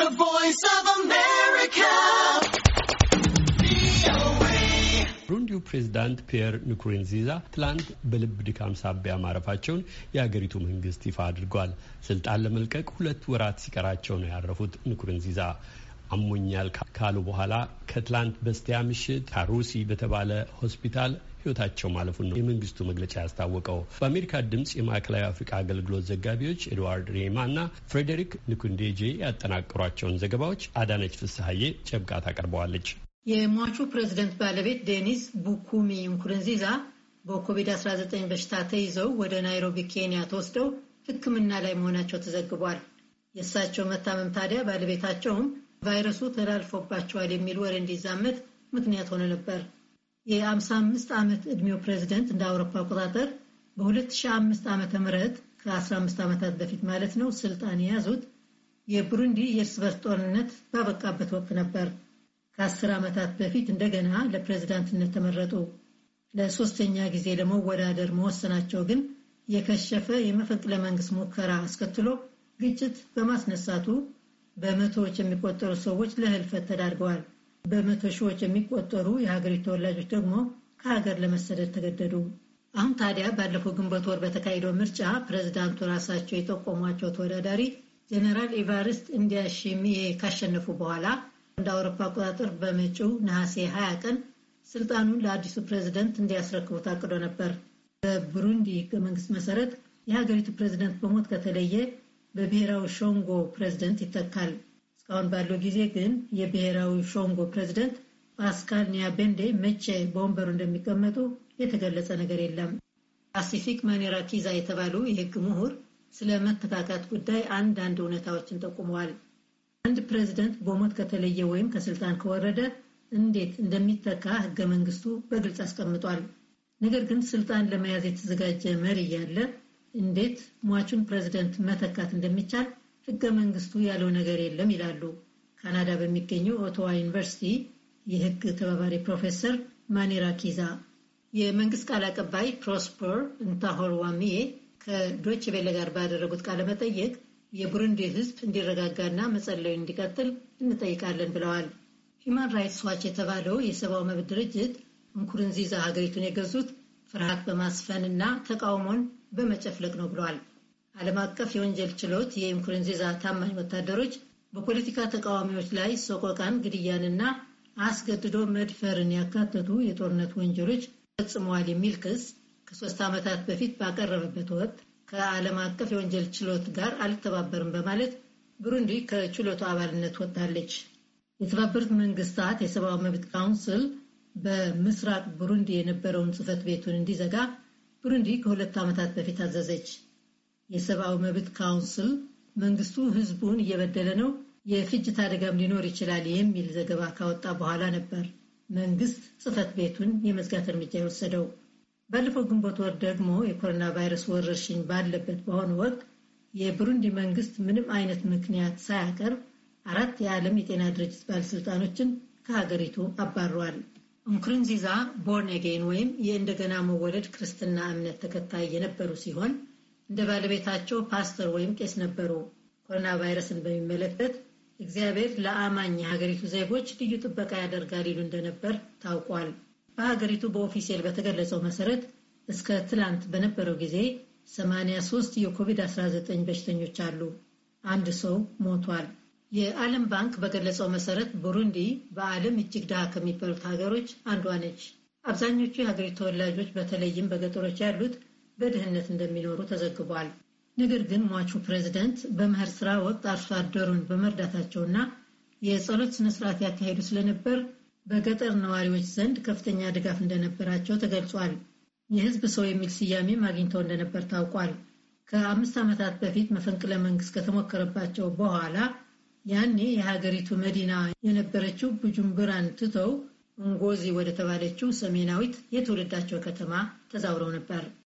The Voice of America. ፕሬዝዳንት ፒየር ንኩሩንዚዛ ትላንት በልብ ድካም ሳቢያ ማረፋቸውን የአገሪቱ መንግስት ይፋ አድርጓል። ስልጣን ለመልቀቅ ሁለት ወራት ሲቀራቸው ነው ያረፉት ንኩሩንዚዛ አሞኛል ካሉ በኋላ ከትላንት በስቲያ ምሽት ካሩሲ በተባለ ሆስፒታል ህይወታቸው ማለፉን ነው የመንግስቱ መግለጫ ያስታወቀው። በአሜሪካ ድምፅ የማዕከላዊ አፍሪካ አገልግሎት ዘጋቢዎች ኤድዋርድ ሬማ እና ፍሬዴሪክ ንኩንዴጄ ያጠናቀሯቸውን ዘገባዎች አዳነች ፍስሀዬ ጨብቃ ታቀርበዋለች። የሟቹ ፕሬዚደንት ባለቤት ዴኒስ ቡኩሚ ንኩርንዚዛ በኮቪድ-19 በሽታ ተይዘው ወደ ናይሮቢ ኬንያ ተወስደው ሕክምና ላይ መሆናቸው ተዘግቧል። የእሳቸው መታመም ታዲያ ባለቤታቸውም ቫይረሱ ተላልፎባቸዋል የሚል ወሬ እንዲዛመት ምክንያት ሆኖ ነበር። የ55 ዓመት ዕድሜው ፕሬዚደንት እንደ አውሮፓ አቆጣጠር በ2005 ዓ ም ከ15 ዓመታት በፊት ማለት ነው ስልጣን የያዙት የቡሩንዲ የእርስ በርስ ጦርነት ባበቃበት ወቅት ነበር። ከ10 ዓመታት በፊት እንደገና ለፕሬዚዳንትነት ተመረጡ። ለሶስተኛ ጊዜ ለመወዳደር መወሰናቸው ግን የከሸፈ የመፈንቅለ መንግስት ሙከራ አስከትሎ ግጭት በማስነሳቱ በመቶዎች የሚቆጠሩ ሰዎች ለህልፈት ተዳርገዋል። በመቶ ሺዎች የሚቆጠሩ የሀገሪቱ ተወላጆች ደግሞ ከሀገር ለመሰደድ ተገደዱ። አሁን ታዲያ ባለፈው ግንቦት ወር በተካሄደው ምርጫ ፕሬዚዳንቱ ራሳቸው የጠቆሟቸው ተወዳዳሪ ጀኔራል ኤቫሪስት እንዲያሽሚዬ ካሸነፉ በኋላ እንደ አውሮፓ አቆጣጠር በመጪው ነሐሴ 20 ቀን ስልጣኑን ለአዲሱ ፕሬዚደንት እንዲያስረክቡት አቅዶ ነበር። በብሩንዲ ህገ መንግስት መሰረት የሀገሪቱ ፕሬዚደንት በሞት ከተለየ በብሔራዊ ሾንጎ ፕሬዚደንት ይተካል። እስካሁን ባለው ጊዜ ግን የብሔራዊ ሾንጎ ፕሬዚደንት ፓስካል ኒያቤንዴ መቼ በወንበሩ እንደሚቀመጡ የተገለጸ ነገር የለም። ፓሲፊክ ማኔራ ኪዛ የተባሉ የሕግ ምሁር ስለ መተካካት ጉዳይ አንዳንድ እውነታዎችን ጠቁመዋል። አንድ ፕሬዚደንት በሞት ከተለየ ወይም ከስልጣን ከወረደ እንዴት እንደሚተካ ሕገ መንግስቱ በግልጽ አስቀምጧል። ነገር ግን ስልጣን ለመያዝ የተዘጋጀ መሪ ያለ እንዴት ሟቹን ፕሬዚደንት መተካት እንደሚቻል ህገ መንግስቱ ያለው ነገር የለም ይላሉ ካናዳ በሚገኘው ኦቶዋ ዩኒቨርሲቲ የህግ ተባባሪ ፕሮፌሰር ማኔራ ኪዛ። የመንግስት ቃል አቀባይ ፕሮስፐር እንታሆር ዋሚዬ ከዶች ቤለ ጋር ባደረጉት ቃለ መጠየቅ የቡሩንዲ ህዝብ እንዲረጋጋና መጸለዩ እንዲቀጥል እንጠይቃለን ብለዋል። ሂማን ራይትስ ዋች የተባለው የሰብአዊ መብት ድርጅት እንኩርንዚዛ ሀገሪቱን የገዙት ፍርሃት በማስፈን እና ተቃውሞን በመጨፍለቅ ነው ብለዋል። ዓለም አቀፍ የወንጀል ችሎት የኢንኩሩንዚዛ ታማኝ ወታደሮች በፖለቲካ ተቃዋሚዎች ላይ ሰቆቃን፣ ግድያንና አስገድዶ መድፈርን ያካተቱ የጦርነት ወንጀሎች ፈጽመዋል የሚል ክስ ከሶስት ዓመታት በፊት ባቀረበበት ወቅት ከዓለም አቀፍ የወንጀል ችሎት ጋር አልተባበርም በማለት ብሩንዲ ከችሎቱ አባልነት ወጥታለች። የተባበሩት መንግስታት የሰብአዊ መብት ካውንስል በምስራቅ ብሩንዲ የነበረውን ጽህፈት ቤቱን እንዲዘጋ ብሩንዲ ከሁለት ዓመታት በፊት አዘዘች። የሰብአዊ መብት ካውንስል መንግስቱ ህዝቡን እየበደለ ነው፣ የፍጅት አደጋም ሊኖር ይችላል የሚል ዘገባ ካወጣ በኋላ ነበር መንግስት ጽህፈት ቤቱን የመዝጋት እርምጃ የወሰደው። ባለፈው ግንቦት ወር ደግሞ የኮሮና ቫይረስ ወረርሽኝ ባለበት በአሁኑ ወቅት የብሩንዲ መንግስት ምንም አይነት ምክንያት ሳያቀርብ አራት የዓለም የጤና ድርጅት ባለስልጣኖችን ከሀገሪቱ አባሯል። እንኩርንዚዛ ቦርን አጌን ወይም የእንደገና መወለድ ክርስትና እምነት ተከታይ የነበሩ ሲሆን እንደ ባለቤታቸው ፓስተር ወይም ቄስ ነበሩ። ኮሮና ቫይረስን በሚመለከት እግዚአብሔር ለአማኝ የሀገሪቱ ዜጎች ልዩ ጥበቃ ያደርጋል ይሉ እንደነበር ታውቋል። በሀገሪቱ በኦፊሴል በተገለጸው መሰረት እስከ ትላንት በነበረው ጊዜ 83 የኮቪድ-19 በሽተኞች አሉ። አንድ ሰው ሞቷል። የዓለም ባንክ በገለጸው መሰረት ቡሩንዲ በዓለም እጅግ ድሃ ከሚባሉት ሀገሮች አንዷ ነች። አብዛኞቹ የሀገሪቱ ተወላጆች በተለይም በገጠሮች ያሉት በድህነት እንደሚኖሩ ተዘግቧል። ነገር ግን ሟቹ ፕሬዚደንት በመኸር ስራ ወቅት አርሶ አደሩን በመርዳታቸውና የጸሎት ስነስርዓት ያካሄዱ ስለነበር በገጠር ነዋሪዎች ዘንድ ከፍተኛ ድጋፍ እንደነበራቸው ተገልጿል። የህዝብ ሰው የሚል ስያሜ አግኝተው እንደነበር ታውቋል። ከአምስት ዓመታት በፊት መፈንቅለ መንግስት ከተሞከረባቸው በኋላ ያኔ የሀገሪቱ መዲና የነበረችው ብጁምብራን ትተው እንጎዚ ወደ ተባለችው ሰሜናዊት የትውልዳቸው ከተማ ተዛውረው ነበር።